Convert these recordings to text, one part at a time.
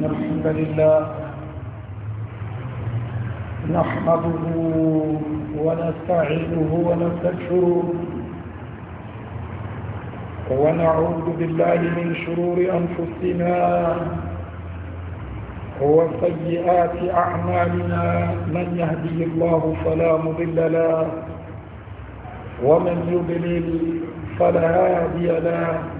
إن الحمد لله نحمده ونستعينه ونستغفره ونعوذ بالله من شرور أنفسنا وسيئات أعمالنا من يهدي الله فلا مضل له ومن يضلل فلا هادي له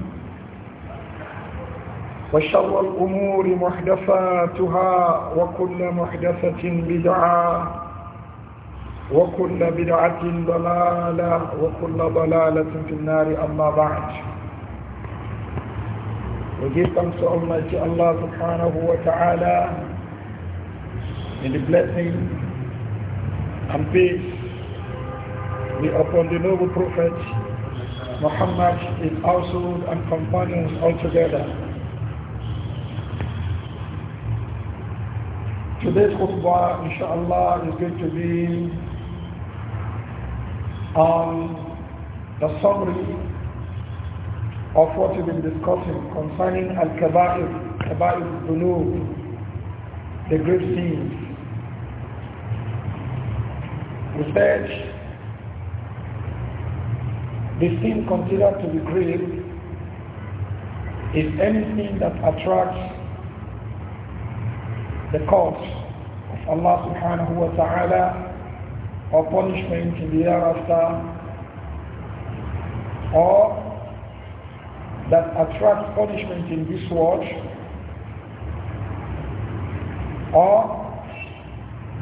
وشر الأمور محدثاتها وكل محدثة بدعة وكل بدعة ضلالة وكل ضلالة في النار أما بعد وجيب thanks to Almighty Allah subhanahu wa ta'ala in the blessing and peace be upon the noble prophet Muhammad, his household and companions altogether. Today's khutbah, inshallah, is going to be um, the summary of what we've been discussing concerning Al-Kaba'ir, Kaba'ir the great sins. We said the sin considered to be grave is anything that attracts the cause of Allah subhanahu wa ta'ala or punishment in the hereafter or that attracts punishment in this world or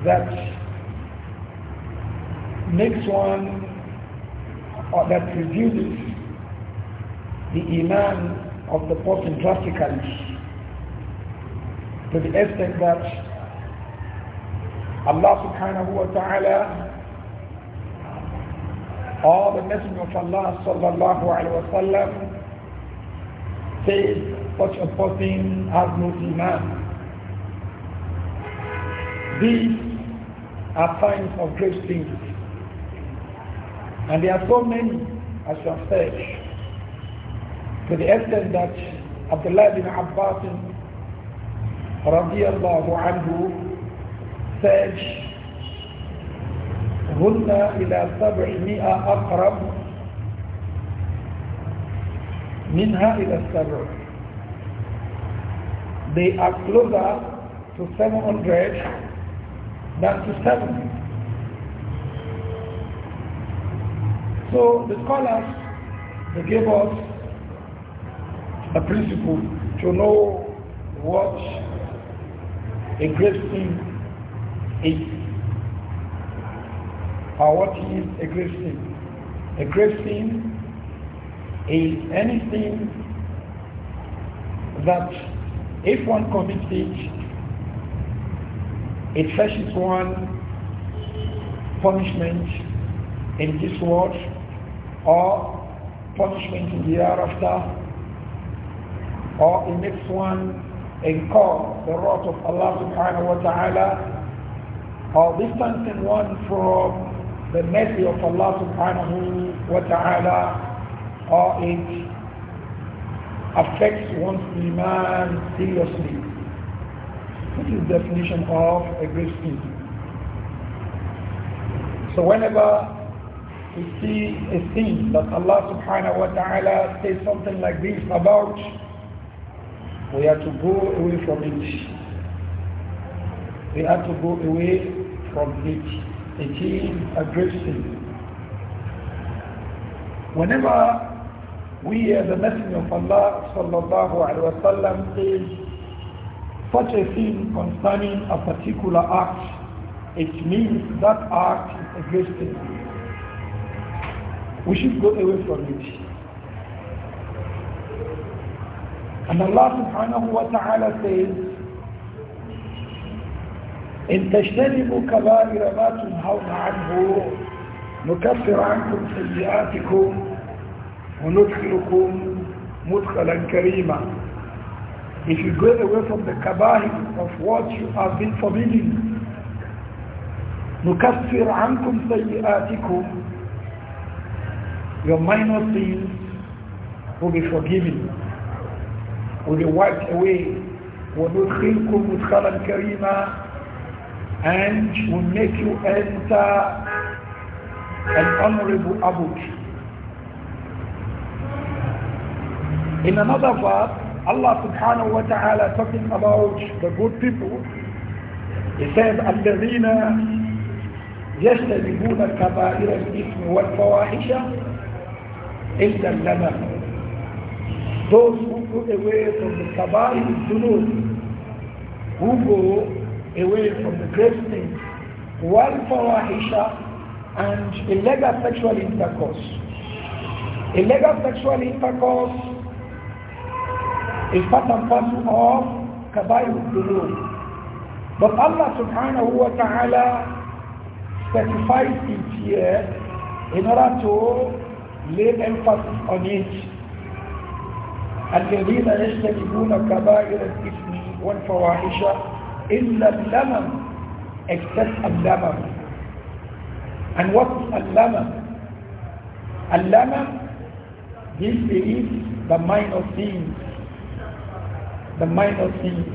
that makes one or that reduces the iman of the person drastically to the extent that Allah subhanahu wa ta'ala all the Messenger of Allah sallallahu alayhi wa sallam says such a person has no iman. These are signs of great things. And there are so many, as you have said, to the extent that Abdullah bin Abbas radiallahu anhu said, هن إلى سبعمائة أقرب منها إلى السبع. They are closer to 700 than to 70. So the scholars they gave us a principle to know what a great is or what is a great A great is anything that if one commits it, it fetches one punishment in this world or punishment in the hereafter or it makes one and call the wrath of Allah subhanahu wa ta'ala or distancing one from the mercy of Allah subhanahu wa ta'ala or it affects one's iman seriously. This is definition of a grave sin. So whenever we see a sin that Allah subhanahu wa ta'ala says something like this about we have to go away from it. We have to go away from it. It is a great sin. Whenever we as the message of Allah sallallahu alaihi wasallam is such a thing concerning a particular act, it means that act is a great We should go away from it. And Allah subhanahu wa ta'ala says, إن تجتنبوا كبائر ما تنهون عنه نكفر عنكم سيئاتكم وندخلكم مدخلا كريما If you go away from the kabahir of what you have been forbidden, نكفر عنكم سيئاتكم Your minor sins will be forgiven. will be wiped away. وَنُدْخِلْكُمْ مُدْخَلًا كَرِيمًا And will make you enter an honorable abode. In another verse, Allah subhanahu wa ta'ala talking about the good people. He says, الَّذِينَ يَجْتَنِبُونَ كَبَائِرَ الْإِثْمِ وَالْفَوَاحِشَ إِلَّا اللَّبَنَ those who go away from the to dunus, who go away from the grave things, for aisha and illegal sexual intercourse. Illegal sexual intercourse is part and parcel of to dunus. But Allah subhanahu wa ta'ala specifies it here in order to lay emphasis on it الذين يجتنبون كبائر الإثم والفواحش إلا اللمم except اللمم and what is اللمم اللمم this is the minor things the minor things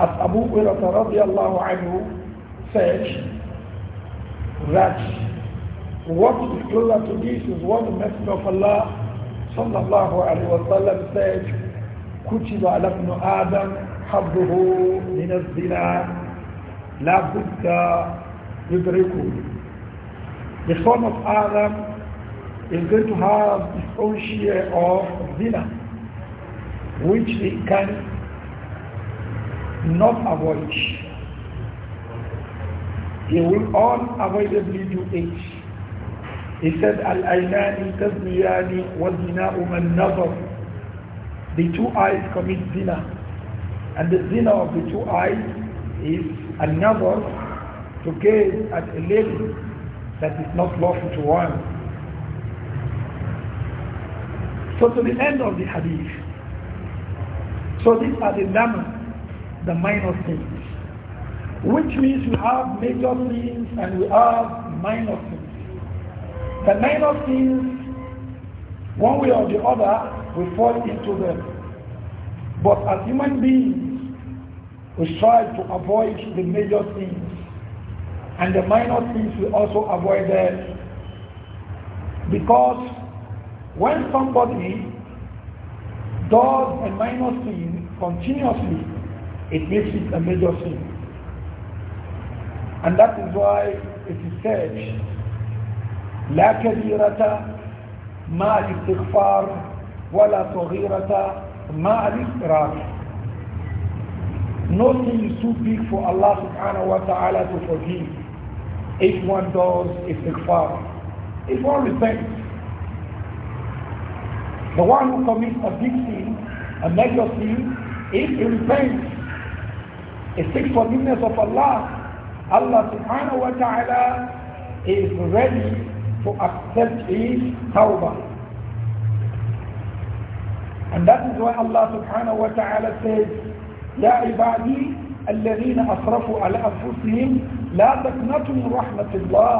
as Abu Hurairah رضي الله عنه said that what is closer to this is what the Messenger of Allah sallallahu alayhi wa sallam said, كتب على ابن آدم حظه من الزنا لا بد يدركه. The son of Adam is going to have his own share of zina, which he can not avoid. He will unavoidably do it. He said, Al-Aynani tazmiyani wa man nazar. The two eyes commit zina. And the zina of the two eyes is another to gaze at a lady that is not lawful to one. So to the end of the hadith. So these are the lamb, the minor things. Which means we have major things and we have minor things. The minor things, one way or the other, we fall into them. But as human beings, we strive to avoid the major things, And the minor things we also avoid them. Because when somebody does a minor sin continuously, it makes it a major sin. And that is why it is said لا كبيرة مع الاستغفار ولا صغيرة مع الإصرار Nothing is too big for Allah subhanahu wa ta'ala to forgive if one does istighfar, if one repents. The one who commits a big sin, a major sin, if he repents, he seeks forgiveness of Allah, Allah subhanahu wa ta'ala is ready to accept his tawbah. And that is why Allah subhanahu wa ta'ala says, يَا عِبَادِي الَّذِينَ أَصْرَفُوا عَلَى أَنفُسِهِمْ لَا تَكْنَةٌ مِنْ رَحْمَةِ اللَّهِ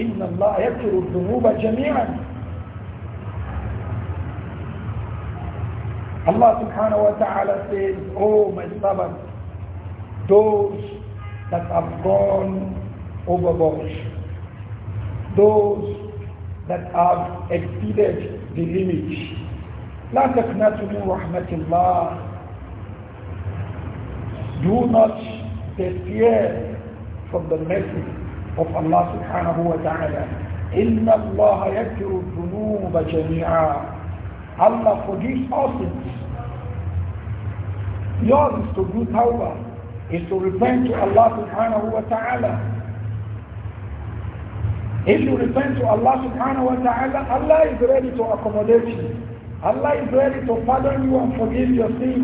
إِنَّ اللَّهَ يَغْفِرُ الذُّنُوبَ جَمِيعًا Allah subhanahu wa ta'ala says, Oh my servant, those that have gone overboard those that have exceeded the limit. لا تقنطوا من رحمة الله Do not despair from the mercy of Allah subhanahu wa ta'ala. إِنَّ اللَّهَ يَكْفِرُ الذُّنُوبَ جَمِيعًا Allah forgives all sins. Yours is to do tawbah, is to repent to Allah subhanahu wa ta'ala. If you repent to Allah subhanahu wa ta'ala, Allah is ready to accommodate you. Allah is ready to pardon you and forgive your sins.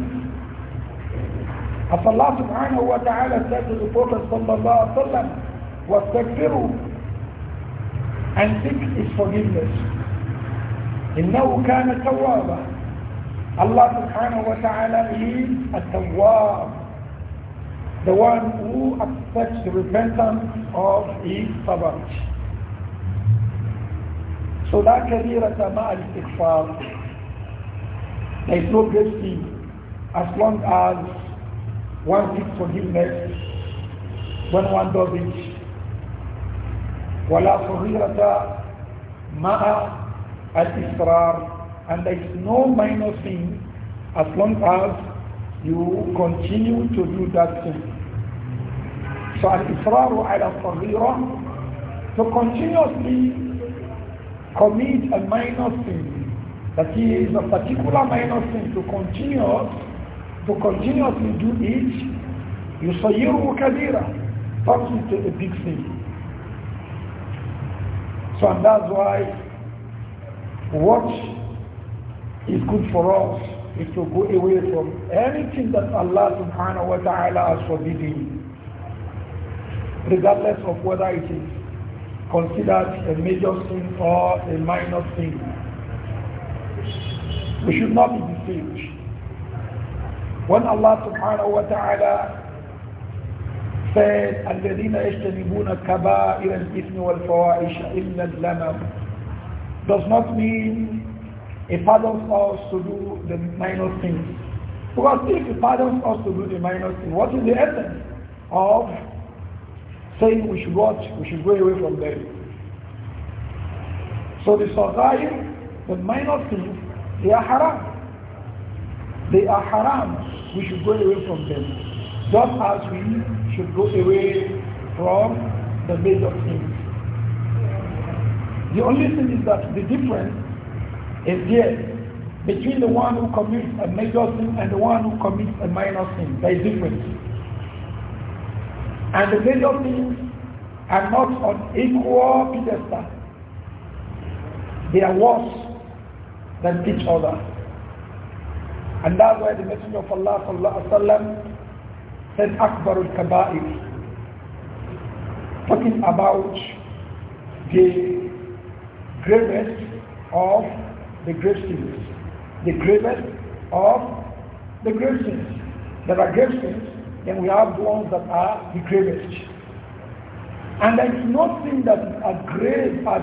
As Allah subhanahu wa ta'ala said to the Prophet sallallahu alaihi wasallam, وَاسْتَغْفِرُوا And seek His forgiveness. إِنَّهُ كَانَ تَوَّابًا Allah subhanahu wa ta'ala is a tawwab the one who accepts the repentance of his servants. So that kabirata ma'al istighfar, there is no great thing as long as one seeks forgiveness when one does it. ولا صغيرة مع الإصرار and there is no minor thing as long as you continue to do that thing. So al-israr ala al-saghira to continuously commit a minor sin, that is a particular minor sin, to continue to continuously do it, you say kabira, that's into a big sin. So and that's why what is good for us is to go away from anything that Allah subhanahu wa ta'ala has forbidden, regardless of whether it is considered a major sin or a minor sin. We should not be deceived. When Allah subhanahu wa ta'ala said, الَّذِينَ يَجْتَنِبُونَ كَبَائِرَ الْإِثْمِ وَالْفَوَائِشَ إِلَّا الْلَمَمْ does not mean pardon pardons us to do the minor things. Because if it pardons us to do the minor things, what is the essence of saying we should watch, we should go away from them. So the things, the minor things, they are haram. They are haram. We should go away from them. Just as we should go away from the major things. The only thing is that the difference is there between the one who commits a major sin and the one who commits a minor sin. There is difference and the major things are not on equal pedestal. They are worse than each other. And that's why the Messenger of Allah sallallahu sallam, said Akbarul Kaba'ir, talking about the gravest of the grave sins. The gravest of the grave sins. There are grave sins then we have the ones that are the gravest. And there is nothing that is as grave as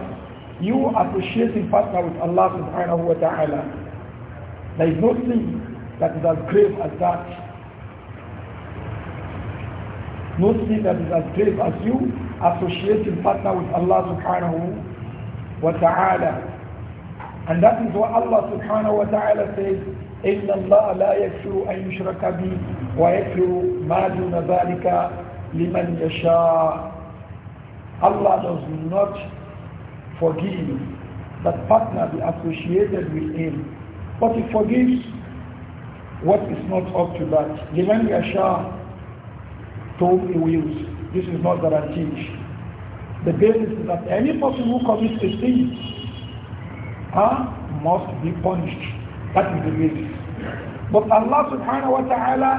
you associating partner with Allah subhanahu wa ta'ala. There is nothing that is as grave as that. Nothing that is as grave as you associating partner with Allah subhanahu wa ta'ala. And that is what Allah subhanahu wa ta'ala says, إن الله لا يغفر أن يشرك به ويغفر ما دون ذلك لمن يشاء Allah does not forgive that partner be associated with him but he forgives what is not up to that لمن يشاء to whom he wills this is not guaranteed the basis is that any person who commits a sin huh, must be punished that is the But Allah subhanahu wa ta'ala,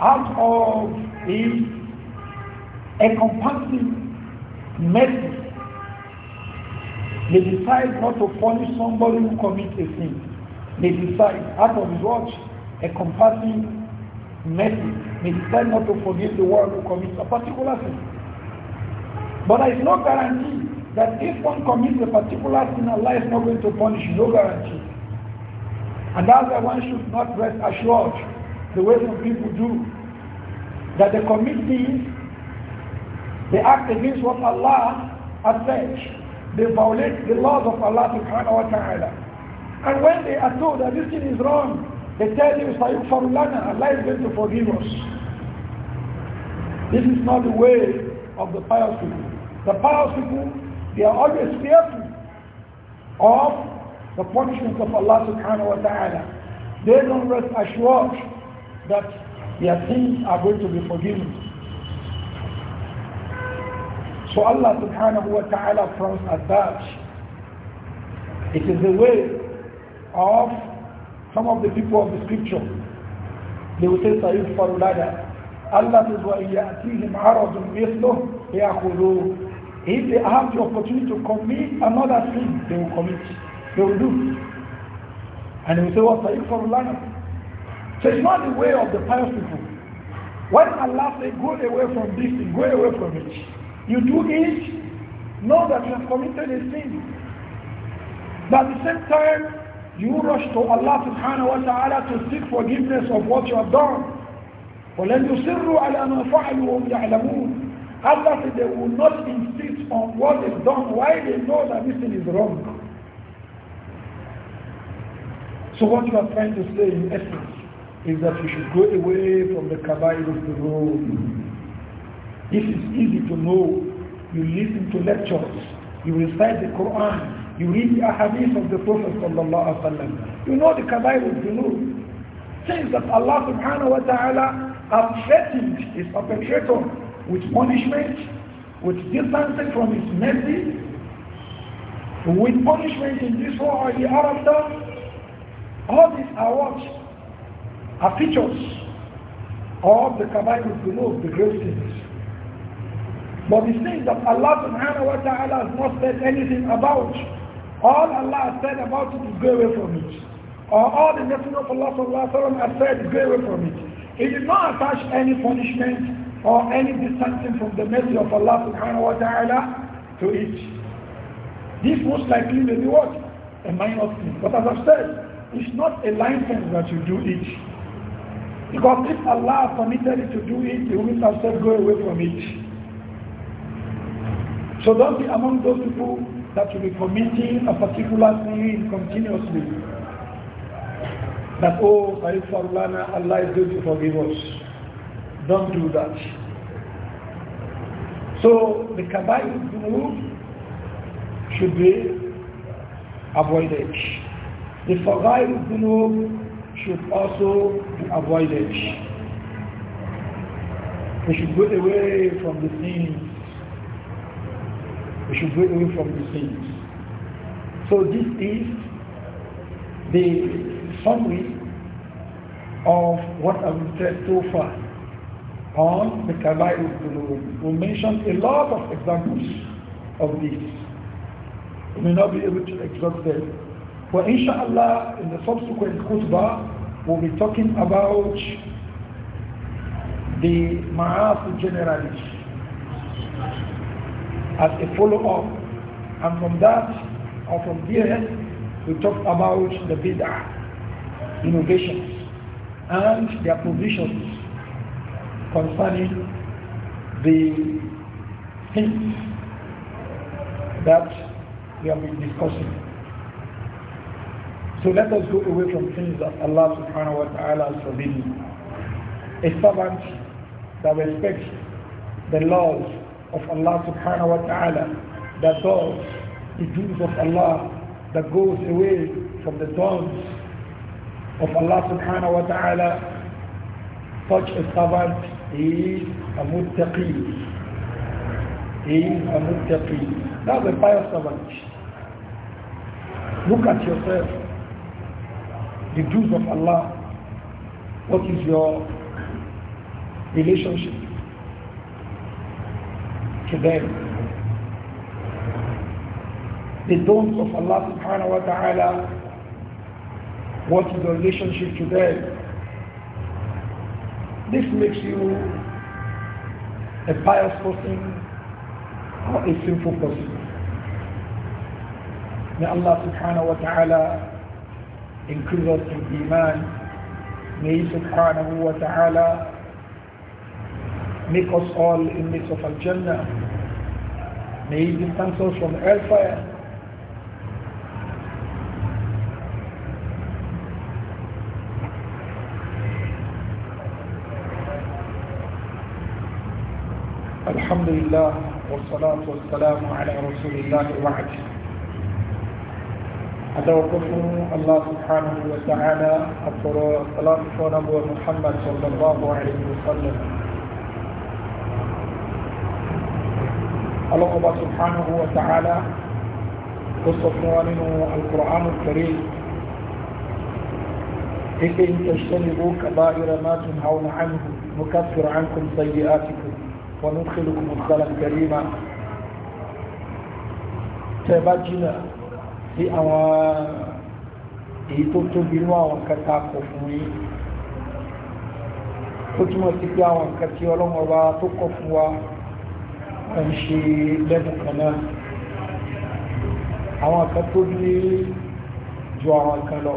out of His encompassing mercy, they decide not to punish somebody who commits a sin. They decide out of His watch, encompassing mercy. They decide not to forgive the one who commits a particular sin. But it's no guarantee that if one commits a particular sin, Allah is not going to punish. No guarantee. And that's why one should not rest assured the way some people do. That they commit these, they act against what Allah has said. They violate the laws of Allah subhanahu wa ta'ala. And when they are told that this thing is wrong, they tell you, Sayyukfar lana, Allah is going to forgive us. This is not the way of the pious people. The pious people, they are always fearful of the punishment of Allah subhanahu wa ta'ala. They don't rest assured that their sins are going to be forgiven. So Allah subhanahu wa ta'ala frowns at that. It is the way of some of the people of the scripture. They will say, Sayyid Farulada. Allah says, وَإِيَأْتِيهِمْ عَرَضٌ مِثْلُهُ يَأْخُذُوهُ If they have the opportunity to commit another sin, they will commit they will do. And they will say, What are you from Lana? So it's not the way of the pious people. When Allah says, Go away from this thing, go away from it. You do it, know that you have committed a sin. But at the same time, you rush to Allah subhanahu wa ta'ala to seek forgiveness of what you have done. وَلَنْ يُسِرُّوا عَلَى مَا فَعَلُوا وَهُمْ يَعْلَمُونَ Allah said they will not insist on what is done while they know that this thing is wrong. So what you are trying to say in essence is that you should go away from the kabair of the road. This is easy to know. You listen to lectures. You recite the Quran. You read the ahadith of the Prophet You know the kabair of the road. Things that Allah subhanahu wa ta'ala has threatened his perpetrator with punishment, with distancing from his mercy, with punishment in this world or the hereafter, all these are what? Are features of the Kabbalah below, the great things. But the things that Allah subhanahu wa ta'ala has not said anything about, all Allah has said about it is go away from it. Or all the Messenger of Allah Subhanahu Wa Taala has said go away from it. He did not attach any punishment or any distancing from the mercy of Allah subhanahu wa ta'ala to it. This most likely will be what? A minor thing. But as I've said, it's not a license that you do it. Because if Allah permitted you to do it, you would have said go away from it. So don't be among those people that will be committing a particular sin continuously. That, oh, Sarif Farulana, Allah is going to forgive us. Don't do that. So the Kabbalah should be avoided. The Fagail Dunub should also be avoided. We should go away from the sins. We should go away from the sins. So this is the summary of what I've said so far on the Kabair Dunub. We mentioned a lot of examples of this. We may not be able to exhaust them. Well, inshallah, in the subsequent khutbah, we'll be talking about the ma'af generally as a follow-up. And from that, or from there, we talk about the bid'ah, innovations, and their positions concerning the things that we have been discussing. So let us go away from things that Allah subhanahu wa ta'ala has forbidden. A servant that respects the laws of Allah subhanahu wa ta'ala, that does the duties of Allah, that goes away from the dons of Allah subhanahu wa ta'ala, such a servant is a muttaqi. He is a muttaqi. That's a pious servant. Look at yourself the dues of Allah? What is your relationship to them? The don'ts of Allah subhanahu wa ta'ala, what is your relationship to them? This makes you a pious person or a sinful person. May Allah subhanahu wa ta'ala إن us in iman. May He subhanahu wa ta'ala make us all inmates of Al-Jannah. May He distance us from hellfire. الحمد لله والصلاة والسلام على رسول الله وعلى أتوقف الله سبحانه وتعالى أطر صلاة ونبوة محمد صلى الله عليه وسلم الله سبحانه وتعالى قصة القرآن الكريم إن تجتنبوا كبائر ما تنهون عنه نكفر عنكم سيئاتكم وندخلكم مدخلا كريما تبجنا tí àwọn èyí tó tóbi ní àwọn kẹta kò fún yín ó túmọ̀ sí pé àwọn nǹkan tí ọlọ́mọ wa tó kọ̀ fún wa ń ṣe lẹ́bùn kan náà àwọn kan tó ní ju àwọn kan lọ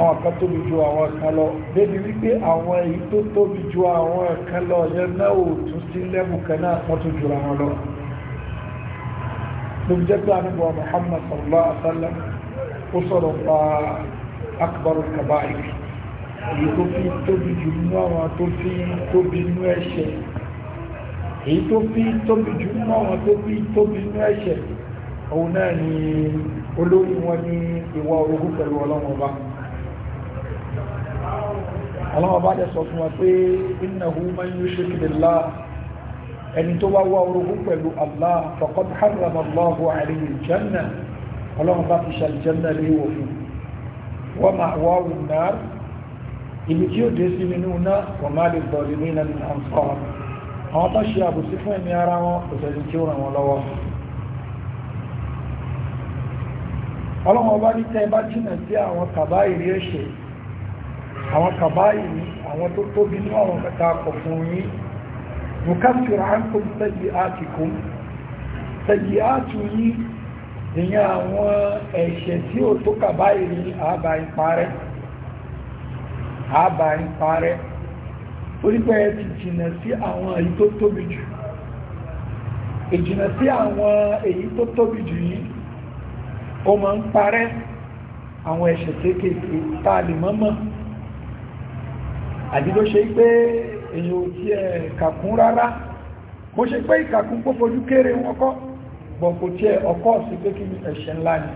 àwọn kan tóbi ju àwọn kan lọ débi wípé àwọn èyí tó tóbi ju àwọn kan lọ yẹn náà ò tún sí lẹ́bùn kan náà wọ́n tún jura wọn lọ ló jẹ́ pé àníbọ̀ Muhammad sallallahu alaihi wasallam ó sọ̀rọ̀ pa akbarul kabairi èyí tó fi tóbi jù nínú àwọn tó fi tóbi nínú ẹ̀ṣẹ̀ èyí tó fi tóbi jù nínú àwọn tó fi tóbi nínú ẹ̀ṣẹ̀ òun náà ni olórí wọn ní ìwà orogún pẹ̀lú ọlọ́wọ́n bá ọlọ́wọ́n sọ fún wa pé innahu man yushrik billah ẹni tó wá wá orogún pẹ̀lú Allah faqad harrama Allahu alayhi al-janna ọlọ́run bá fi ṣàlìjẹ́nà lé wọ̀ fún wọ́n máa wá wù náà ibi tí ó dé sí nínú náà wọ́n máa lè bọ̀ lè ní ìlànà àwọn bá ṣe àbòsí fún ẹ̀mí ara wọn òṣèlú tí ó ràn wọ́n lọ́wọ́ ọlọ́run ọba ní tẹ́ bá jìnà sí àwọn kàbá ìrí ẹ̀ṣẹ̀ àwọn kàbá ìrí àwọn tó tóbi ní àwọn kẹta kọ̀ fún yín nukafir ankum sayyi'atikum sayyi'atu yí ìyẹn àwọn ẹ̀ṣẹ̀ tí ó tó kàbá ìrìn àbá ìparẹ́ àbá ìparẹ́ orípẹ́ ẹ ti jìnà sí àwọn èyí tó tóbi jù ìjìnà sí àwọn èyí tó tóbi jù yìí ó máa ń parẹ́ àwọn ẹ̀ṣẹ̀ kéékèèké tá a lè mọ́mọ́ àdídó ṣe pé èyàn ò tí ẹ̀ kàkún rárá bó ṣe pé ìkàkún kó fojú kéré wọn kọ́ bọ̀ kò tí ẹ̀ ọkọ́ sí pé kí ẹ̀ṣẹ̀ ńlá ni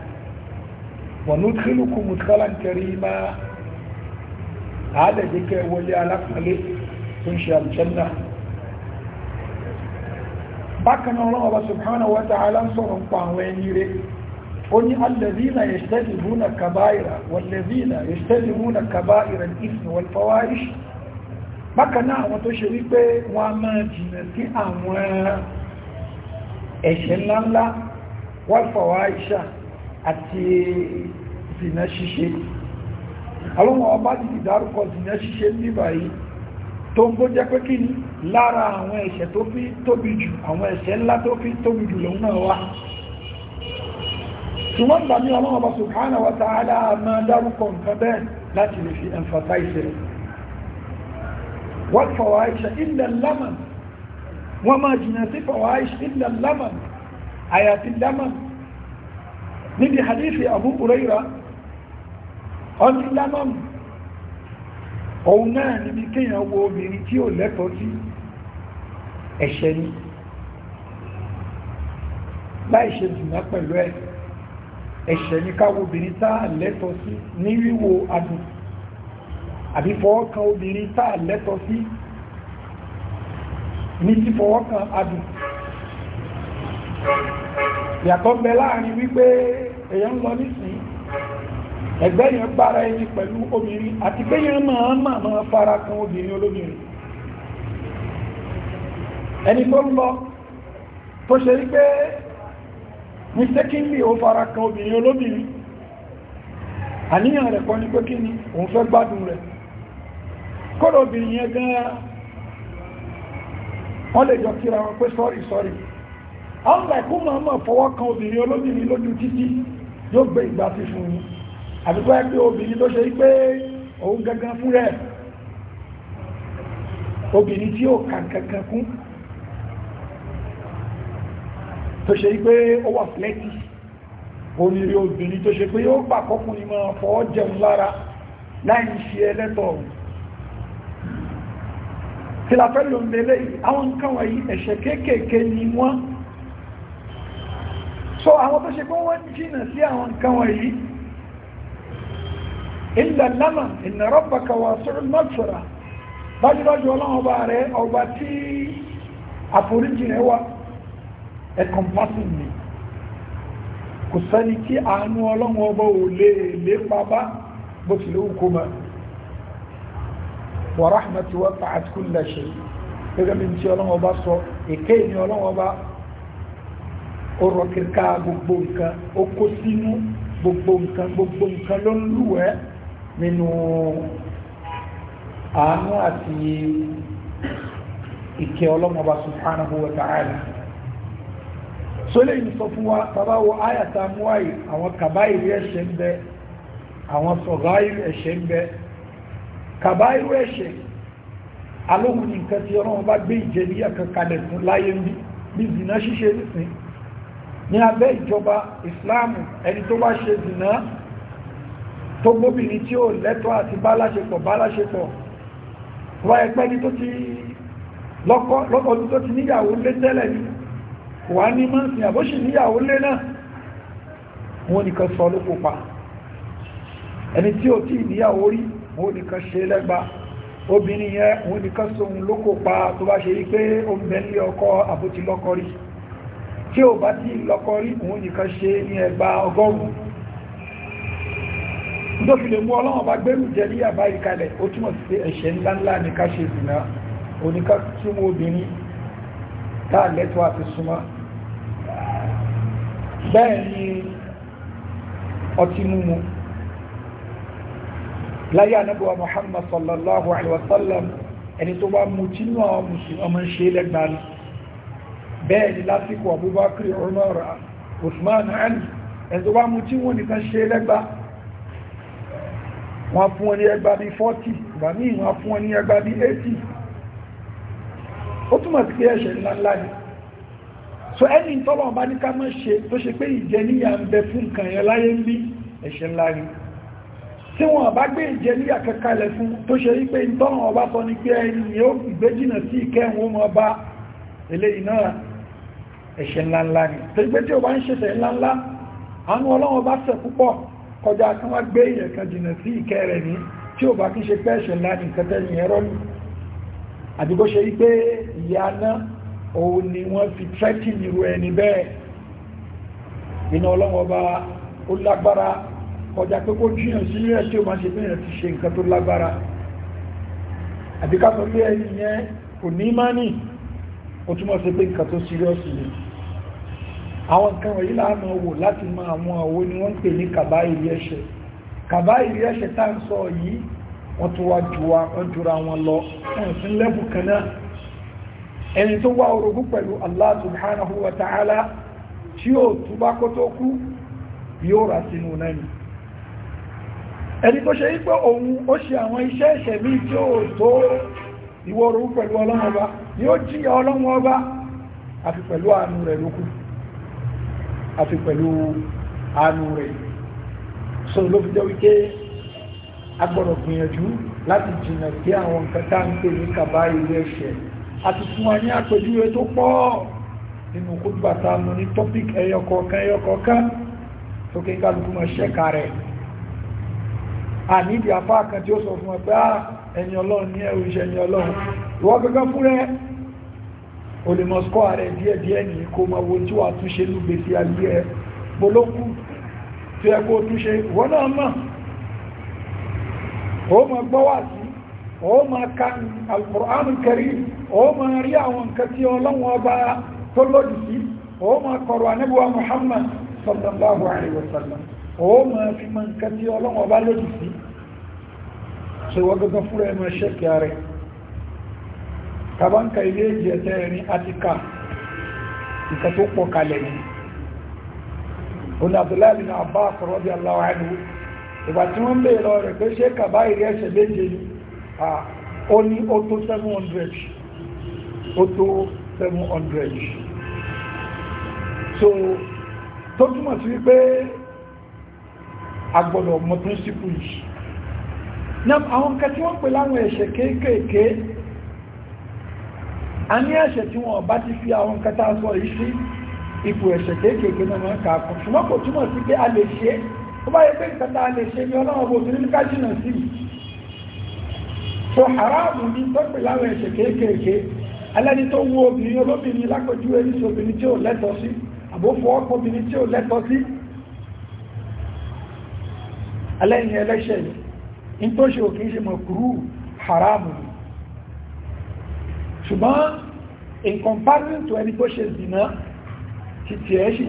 wọ̀nú kílùkù mùtíkálà ń kẹrí àádẹ́jẹ́kẹ́ wọlé alápàlẹ́ tó ń ṣe àlùjànnà bákan ọlọ́wọ́ bá subhanahu kaba'ira walladhina yajtanibuna kaba'ira ithmi wal fawahish bákan náà àwọn tó ṣe wípé wọ́n a máa jìnà sí àwọn ẹ̀ṣẹ̀ ńláńlá wáfọ̀wá ìṣà àti ìsìnà ṣíṣe àwọn ọba ti dárúkọ ìsìnà ṣíṣe níbà yìí tó ń bó jẹ́ pé kí ní lára àwọn ẹ̀ṣẹ̀ tó fi tóbi jù àwọn ẹ̀ṣẹ̀ ńlá tó fi tóbi jù lòun náà wá láti lè fi emphasize rẹ̀ wọ́n fọwọ́ àìṣẹ́ ilẹ̀ lámàn wọ́n máa jìnà sí fọwọ́ àìṣẹ́ ilẹ̀ lámàn àyàfi lámàn níbi hadithi Abu Hurairah ọdí lámàn òun náà níbi kíyàn wo obìnrin tí ò lẹ́tọ̀ọ́ sí ẹ̀ṣẹ̀ ni láì ṣe jùmọ́ pẹ̀lú ẹ̀ ẹ̀ṣẹ̀ ni káwọ obìnrin tá lẹ́tọ̀ọ́ sí ní wíwo adùn àbí fọwọ́kan obìnrin táà lẹ́tọ̀ sí ní sí fọwọ́kan adùn yàtọ̀ bẹ láàrin wípé èyàn ń lọ nísìn ẹgbẹ́ yẹn gbára ẹni pẹ̀lú obìnrin àti pé yẹn máa máa máa fara kan obìnrin olóbìnrin ẹni tó ń lọ tó ṣe wípé ní sẹ́kíńlì ó fara kan obìnrin olóbìnrin àníyàn rẹ̀ kọ́ ni pé kí ni òun fẹ́ gbádùn rẹ̀ kọ́rọ̀ obìnrin yẹn gan wọ́n lè jọ kíra wọn pé sọ́rì sọ́rì àwọn ìkú máa mọ̀ fọwọ́ kan obìnrin olóbìnrin lójú títí yóò gbé ìgbà sí fún un àbíkọ́ ẹ pé obìnrin tó ṣe pé òun gangan fún rẹ̀ obìnrin tí ó kà kankan kún tó ṣe pé ó wà flẹ́tì onírí obìnrin tó ṣe pé ó gbà kọkùnrin máa fọwọ́ jẹun lára láì ṣe ẹlẹ́tọ̀ọ̀hún kí la fẹ́ lò mẹ́lẹ́ àwọn nǹkan wọ̀nyí ẹ̀ṣẹ̀ kéékèèké ni wọ́n so àwọn tó ṣe kó wọ́n jìnà sí àwọn nǹkan wọ̀nyí ilẹ̀ lama ìnàrọ́bàkà wà sọ́rọ̀ mọ́tura dájúdájú ọlọ́run ọba rẹ̀ ọba tí àforíjì rẹ̀ wà encompassing ni kò sẹ́ni tí àánú ọlọ́run ọba ò lè lépa bá bó tilẹ̀ òkú máa wa rahmatu wasi'at kulla shay gẹ́gẹ́ bí tí ọlọ́wọ́ bá sọ èké ni ọlọ́wọ́ bá ó rọ kíríká gbogbo nǹkan ó kó sínú gbogbo nǹkan gbogbo nǹkan ló ń lúwẹ̀ẹ́ nínú àánú àti ìkẹ́ ọlọ́mọba subhanahu wa ta'ala so lè ní sọ fún wa tàbáwọ ayàtà mú kàbá irú ẹ̀ṣẹ̀ alóhun ní nǹkan tí ọlọ́run bá gbé ìjẹniyà kan kalẹ̀ fún láyé ń bí bí zina ṣíṣe nìsín ní abẹ́ ìjọba ìsìláàmù ẹni tó bá ṣe zina tó gbóbìnrin tí ó lẹ́tọ́ àti báláṣepọ̀ báláṣepọ̀ wá ẹgbẹ́ ní tó ti lọ́kọ lọ́kọ̀ọ́dún tó ti níyàwó lé tẹ́lẹ̀ ní wà ní mọ́sìn àbóṣì níyàwó lé náà wọ́n nìkan sọ ló pupa ẹni tí ó tí ìníyàwó rí wọ́n nìkan ṣe lẹ́gba obìnrin yẹn wọ́n nìkan sóhun ló kò pa tó bá ṣe rí pé ó ń bẹ nílé ọkọ àbótí lọ́kọ rí tí ó bá ti lọ́kọ rí wọ́n nìkan ṣe ní ẹgbà ọgọ́rùn-ún lófin lè mú ọlọ́wọ́n bá gbẹ́rù jẹ ní àbá ìkalẹ̀ ó túnmọ̀ sí pé ẹ̀ṣẹ̀ ńláńlá ní ká ṣe ìsìnà oníká súnmọ́ obìnrin táà lẹ́tọ́ àti súnmọ́ bẹ́ẹ̀ ni ọtí múmu láyé anábọ̀wà Muhammad sallallahu alaihi wasallam ẹni tó bá mú tí ní àwọn musulman ṣe lẹ́gbàáni bẹ́ẹ̀ ni lásìkò Abubakar Umar Usman Ali ẹni tó bá mú tí wọ́n nìkan ṣe lẹ́gbàá wọ́n fún wọn ní ẹgbà bí 40 ìgbà míì wọ́n ó túnmọ̀ sí pé ẹ̀ṣẹ̀ ńláńlá ni so ẹni tọ́lọ̀ bá ní ká mọ́ ṣe tó ṣe pé ìjẹníyà ń bẹ fún nǹkan yẹn láyé ń bí ẹ̀ṣẹ̀ ńlá ni tí wọ́n bá gbé ìjẹ ní àkẹ́kẹ́lẹ̀ fún tó ṣe rí pé ìtọ́nà ọba sọ ní pé ẹni ni ó gbé jìnà sí ìkẹ́hùn ó mọ́ bá ilé iná ẹ̀ṣẹ̀ ńláńlá ni tó gbé tí ó bá ń ṣẹ̀ṣẹ̀ ńláńlá anú ọlọ́wọ́ bá ṣẹ̀ púpọ̀ kọjá kí wọ́n gbé ìyẹ̀ jìnà kọjá pé kó jíyàn sí ilé tí ó máa ṣe bẹ́ẹ̀ ti ṣe nǹkan tó lágbára àbí ká sọ pé ẹni yẹn kò ní má nì ó túmọ̀ sí pé nǹkan tó síríọ́sì ni àwọn nǹkan wọ̀nyí láàmà wò láti máa mọ àwọn ni wọ́n ń pè ní kàbá ìrí ẹ̀ṣẹ̀ kàbá ìrí ẹ̀ṣẹ̀ tá ń sọ yìí wọ́n tún wá jura wọn lọ wọ́n sí lẹ́bù kan náà ẹni tó wá orogún pẹ̀lú Allah subhanahu wa ta'ala tí ó túbá kó tó kú yóò rà sínú náà ẹni tó ṣe wípé òun ó ṣe àwọn iṣẹ́ ẹ̀ṣẹ̀ mí tí ó tó ìwọ̀rú pẹ̀lú ọlọ́wọ́ ọba ni ó jíyà ọlọ́wọ́ ọba pelu pẹ̀lú àánú rẹ̀ lókù pẹ̀lú àánú rẹ̀ so ló fi jẹ́ wípé a lati gbìyànjú láti jìnà sí àwọn nǹkan tá ń pè ní kàbá ilé ẹ̀ṣẹ̀ àti fún wa ní àpèjúwe tó pọ̀ nínú kúgbàtà mú ní tọ́pík ẹyọkọ̀ọ̀kan ẹyọkọ̀ọ̀kan tó àníbi àfá kan tí ó sọ fún ẹgbẹ́ ah, ẹ̀yìn ọlọ́run ní ẹ̀rù iṣẹ́ ẹ̀yìn ọlọ́run ìwọ́n gẹ́gẹ́ fún rẹ̀ o lè mọ̀ skọ́ ààrẹ díẹ̀díẹ̀ ní kó ma wo tí wà túnṣe lúgbé sí ayé ẹ polókù tí ẹ kó túnṣe wọ́n náà mọ̀ ó ma gbọ́ wà sí ó ma ka alkùránù kẹrí ó ma rí àwọn nǹkan tí ọlọ́run ọba tó lòdì sí ó ma kọ̀rọ̀ àníbùwà Muhammad sallallahu alaihi wasallam ó ma fi ma nǹkan tí ọlọ́wọ́ bá lòdì sí ṣe wọ́n gẹ́gẹ́ fúra ẹmọ ṣẹ́kì ààrẹ tàbánkà ilé ìjẹ́ ẹ̀tẹ́rin átíkà nǹkan tó pọ̀ kalẹ̀ ni onàbdùláàlì náà bá àkọ̀rọ̀bí aláwọ̀ ìgbà tí wọ́n bèèrè lọ rẹ̀ pé ṣe kàbá ìrẹ́ ẹ̀ṣẹ̀ méje ni ní ó tó 700 ó 700 so tó túmọ̀ sí wípé agbọ́dọ̀ mọ̀ principles náà àwọn nǹkan tí wọ́n pè láwọn ẹ̀ṣẹ̀ kéékèèké a ní ẹ̀ṣẹ̀ tí wọ́n bá ti fi àwọn nǹkan tá a sọ yìí sí ipò ẹ̀ṣẹ̀ kéékèèké náà máa ń ka kan ṣùgbọ́n kò túmọ̀ sí pé a lè ṣe ó bá yẹ pé nǹkan tá a lè ṣe ni ọlọ́run bò tún ní ká jìnà sí i so haramu ní tọ́pẹ̀ láwọn ẹ̀ṣẹ̀ kéékèèké alẹ́ni tó wú obìnrin olóbìnrin lápẹjú ẹni sí obìnrin tí ò sí alẹ́yìn ẹlẹ́ṣẹ̀ yìí in tó ṣe òkè ṣe mọ̀kúrú haramu ni ṣùgbọ́n in comparison to ẹni tó ṣe zina títí ẹ̀ ṣe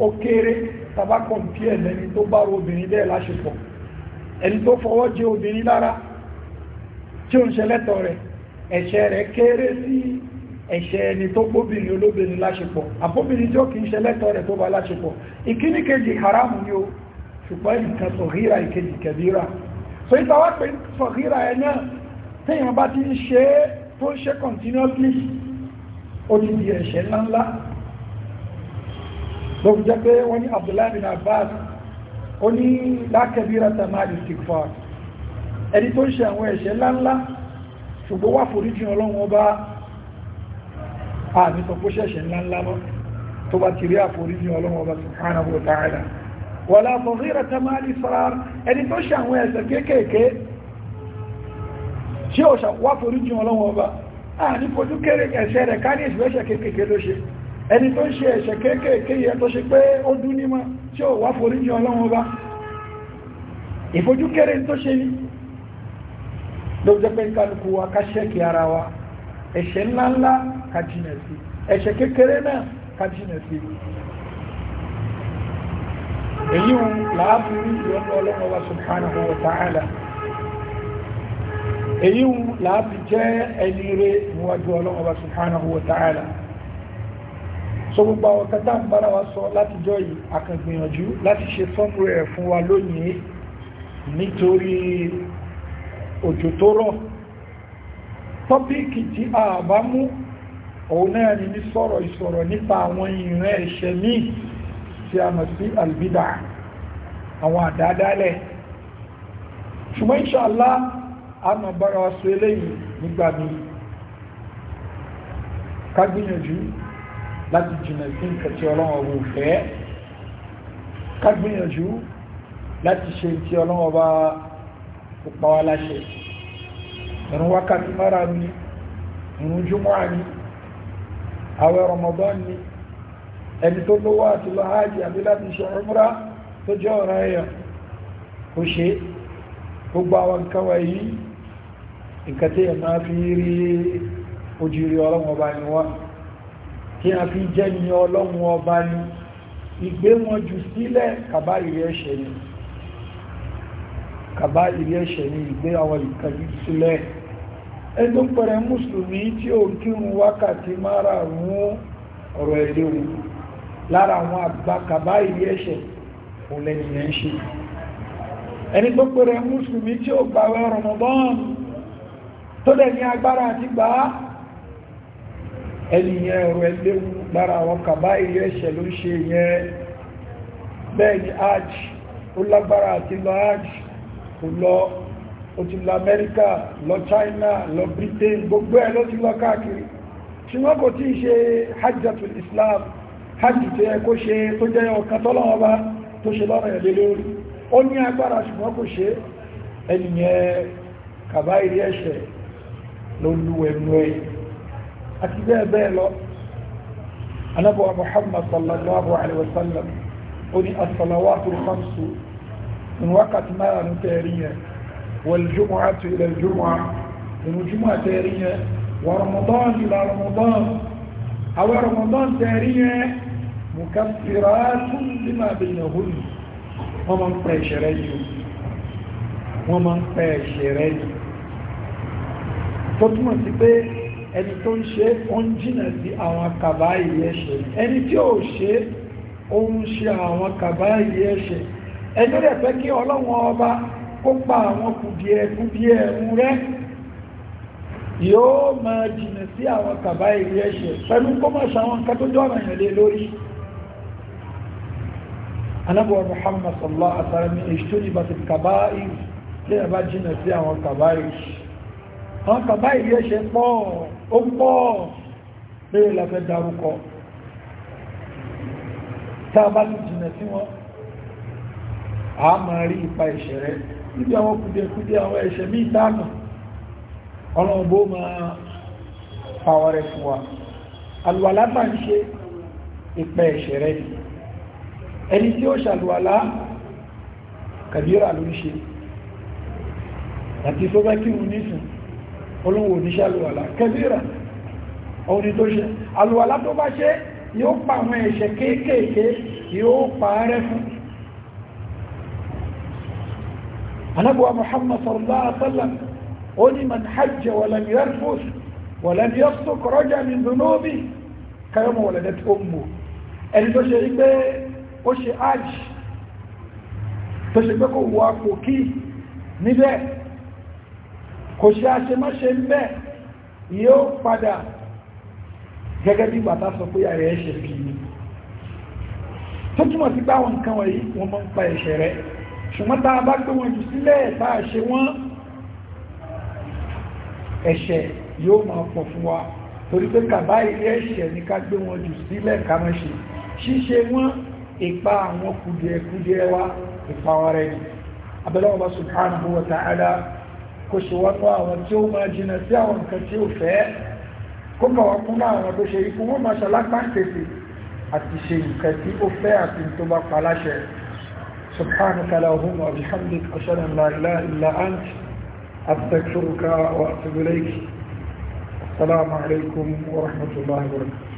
ó kéré tàbá kọ̀mpí ẹ̀ lẹ́ni tó bá obìnrin bẹ́ẹ̀ láṣepọ̀ ẹni tó fọwọ́ jẹ obìnrin lára tí ó ń ṣẹlẹ́tọ̀ rẹ̀ ẹ̀ṣẹ̀ rẹ̀ kéré sí ẹ̀ṣẹ̀ ẹni tó gbóbìnrin olóbìnrin láṣepọ̀ àbóbìnrin tí ó kìí ṣẹlẹ́tọ̀ rẹ̀ tó bá láṣepọ̀ ìkíníkejì haramu ni o ṣùgbọ́n ìkan sọ̀híra ìkejì kẹbíra so ìtawà pé sọ̀híra ẹ náà téèyàn bá ti ń ṣe tó ń ṣe continuously ó ti di ẹ̀ṣẹ̀ ńláńlá ló fi jẹ́ pé wọ́n ní Abdullahi Abbas ó ní lákẹbíra tamari istighfar ẹni tó ń ṣe àwọn ẹ̀ṣẹ̀ ńláńlá ṣùgbọ́n wà foríjì ọlọ́run ọba àmì sọ pé ṣẹ̀ṣẹ̀ ńláńlá mọ́ tó ọlọ́run ọba wọ̀lá fọ̀hírà tamari farar ẹni tó ṣe àwọn ẹ̀ṣẹ̀ kéékèèké tí ó wá foríjì ọlọ́wọ́ ọba a ní fojú kéré ẹ̀ṣẹ̀ rẹ̀ ká ní ìṣẹ́ṣẹ̀ kéékèèké ló ṣe ẹni tó ṣe ẹ̀ṣẹ̀ kéékèèké yẹ tó ṣe pé ó dún níma tí ó wá foríjì ọlọ́wọ́ ọba ìfojú kéré tó ṣe ní ló jẹ́ pé kálukú wa ká ṣẹ́kì ara wa ẹ̀ṣẹ̀ ńláńlá ká jìnà sí ẹ̀ṣẹ̀ kékeré náà ká jìnà sí èyí ń láàbù rí ìyọ́nú ọlọ́run wa subhanahu wa ta'ala èyí ń láàbù jẹ́ ẹni rẹ̀ níwájú ọlọ́run wa subhanahu wa ta'ala so gbogbo àwọn kẹta ń bára wa sọ látijọ́ yìí akàngbìyànjú láti ṣe fọ́nrú fún wa lónìí nítorí òjò tó rọ̀ tọ́píkì tí a bá mú òun náà ní sọ̀rọ̀ ìsọ̀rọ̀ nípa àwọn ìran ẹ̀ṣẹ̀ míì tí a mọ̀ sí albida àwọn àdádálẹ̀ ṣùgbọ́n inṣàlá a mọ̀ bára wa sọ eléyìí nígbà mi ká gbìyànjú láti jìnà sí nǹkan tí ọlọ́wọ́ wò fẹ́ ká gbìyànjú láti ṣe tí ọlọ́wọ́ bá pupa wa láṣẹ ìrun wákàtí mara ni ìrun jùmọ́ ni àwẹ̀ Ramadan ni ẹni tó lówó àti lọ hajji àbí láti ṣe umra tó jẹ́ ọ̀rọ̀ ẹ̀yà kò ṣe gbogbo àwọn kawà yìí nǹkan tí ẹ̀mà fi rí ojúrí ọlọ́run ọba ni wá tí a fi jẹ́ ní ọlọ́run ọba kàbá ìrí ẹ̀ṣẹ̀ ni ìgbé àwọn ìkàjú sílẹ̀ ẹgbẹ́ pẹ̀rẹ̀ mùsùlùmí tí ó kírun wákàtí márààrún ọ̀rọ̀ ẹ̀lẹ́wọ̀n lára àwọn àgbàkàbá ìrí ẹ̀ṣẹ̀ fún lẹ́yìn ẹ̀ ń ṣe ẹni tó pèrè mùsùlùmí tí ó gbà wẹ̀ Ramadan tó dẹ̀ ní agbára àti gbà á ẹniyàn ẹ̀rọ ẹlẹ́wù lára àwọn kàbá ìrí ẹ̀ṣẹ̀ ló ṣe yẹn bẹ́ẹ̀ ni aj ó lágbára àti lọ aj kò lọ ó ti lọ Amẹ́ríkà lọ China lọ Britain gbogbo ẹ̀ ló ti lọ káàkiri ṣùgbọ́n kò tí ì ṣe hajjatul Islam hajji tó yẹ kó ṣe tó jẹ́ ọ̀kan tọ́lọ́wọ́ bá tó ṣe lọ́rọ̀ ẹ̀lẹ́ lórí ó ní agbára ṣùgbọ́n kò ṣe ẹniyàn kàbá ìrí ẹ̀ṣẹ̀ ló lú ẹnu ẹ̀ àti bẹ́ẹ̀ bẹ́ẹ̀ lọ anábọ̀wà muhammad sallallahu alaihi wasallam ó ní as-salawatul والجمعة إلى الجمعة من الجمعة تارية ورمضان إلى رمضان أو رمضان تارية mùkàfìràákùn bí máa bí ìyàwóyìn wọ́n máa ń pẹ̀ ẹ̀ṣẹ̀ rẹ̀ yìí wọ́n máa ń pẹ̀ ẹ̀ṣẹ̀ rẹ̀ yìí tó túmọ̀ sí pé ẹni tó ń ṣe ó ń jìnà sí àwọn kàbáyì ẹ̀ṣẹ̀ ẹni tí ó ṣe ó ṣe àwọn kàbáyì ẹ̀ṣẹ̀ ẹni rẹ̀ fẹ́ kí ọlọ́wọ́n ọba kó pa àwọn kùdìẹ̀ kùdìẹ̀ ẹ̀hún rẹ̀ yóò máa jìnà sí àwọn kàbáyì ẹ̀ṣẹ̀ pẹ̀lú kó mọ̀ sí jọ́ ọ̀ràn yẹn lórí anábọ̀ Muhammad sallallahu alaihi wa sallam ìṣtórí bá ti kàbáyì tí a bá jìnà sí àwọn kàbáyì àwọn kàbáyì yẹ́ ṣe pọ̀ ó pọ̀ lórí lafẹ́ darúkọ tá a bá ti jìnà sí wọn a máa rí ipa ìṣẹ̀rẹ́ níbi àwọn kùdìẹ̀kùdìẹ̀ àwọn ẹ̀ṣẹ̀ mí ìdáàmà ọlọ́run bó máa pàwọ́ rẹ̀ fún wa alùwàlá máa ń ṣe ipa ìṣẹ̀rẹ́ yìí ẹni tí ó ṣàlùwàlá kàbírà ló ń ṣe àti tó bá kí wọn nísìn olóhùn oníṣẹ́ àlùwàlá kàbírà ọ̀hún tó ṣe àlùwàlá tó bá ṣe yóò pa àwọn ẹ̀ṣẹ̀ kéékèèké yóò pa rẹ́ fún anábúwa muhammad sallallahu alaihi wasallam ó ní man hajjẹ wàlẹ̀ ẹni tó ṣe rí pé ó ṣe hajj tó ṣe pé kò wọ àpò kí níbẹ̀ kò ṣe àṣemáṣe níbẹ̀ yóò padà gẹ́gẹ́ bí bàtà sọ pé ààrẹ ẹ̀ṣẹ̀ bí i tó túnmọ̀ sí báwọn nǹkan wọ̀nyí wọ́n mọ́ ń pa ẹ̀ṣẹ̀ rẹ̀ ṣùgbọ́n tá bá gbé wọn jù sílẹ̀ tá ṣe wọ́n ẹ̀ṣẹ̀ yóò máa pọ̀ fún wa torí pé kàbá ẹ̀ṣẹ̀ ní ká gbé wọn jù sílẹ̀ ká má ṣe ṣíṣe wọ́n ipa àwọn kùdìẹ̀kùdìẹ̀ wa ipa wara ẹni abẹ́lẹ́wọ̀n bá subhanahu wa ta'ala kò ṣe wọ́n mọ́ àwọn tí ó máa jìnà sí àwọn nǹkan tí ó fẹ́ kó mọ̀ wọ́n kún àwọn tó ṣe ikú wọ́n máa ṣalápá tètè àti ṣe nǹkan tí ó fẹ́ àti tó bá pa السلام عليكم ورحمة الله وبركاته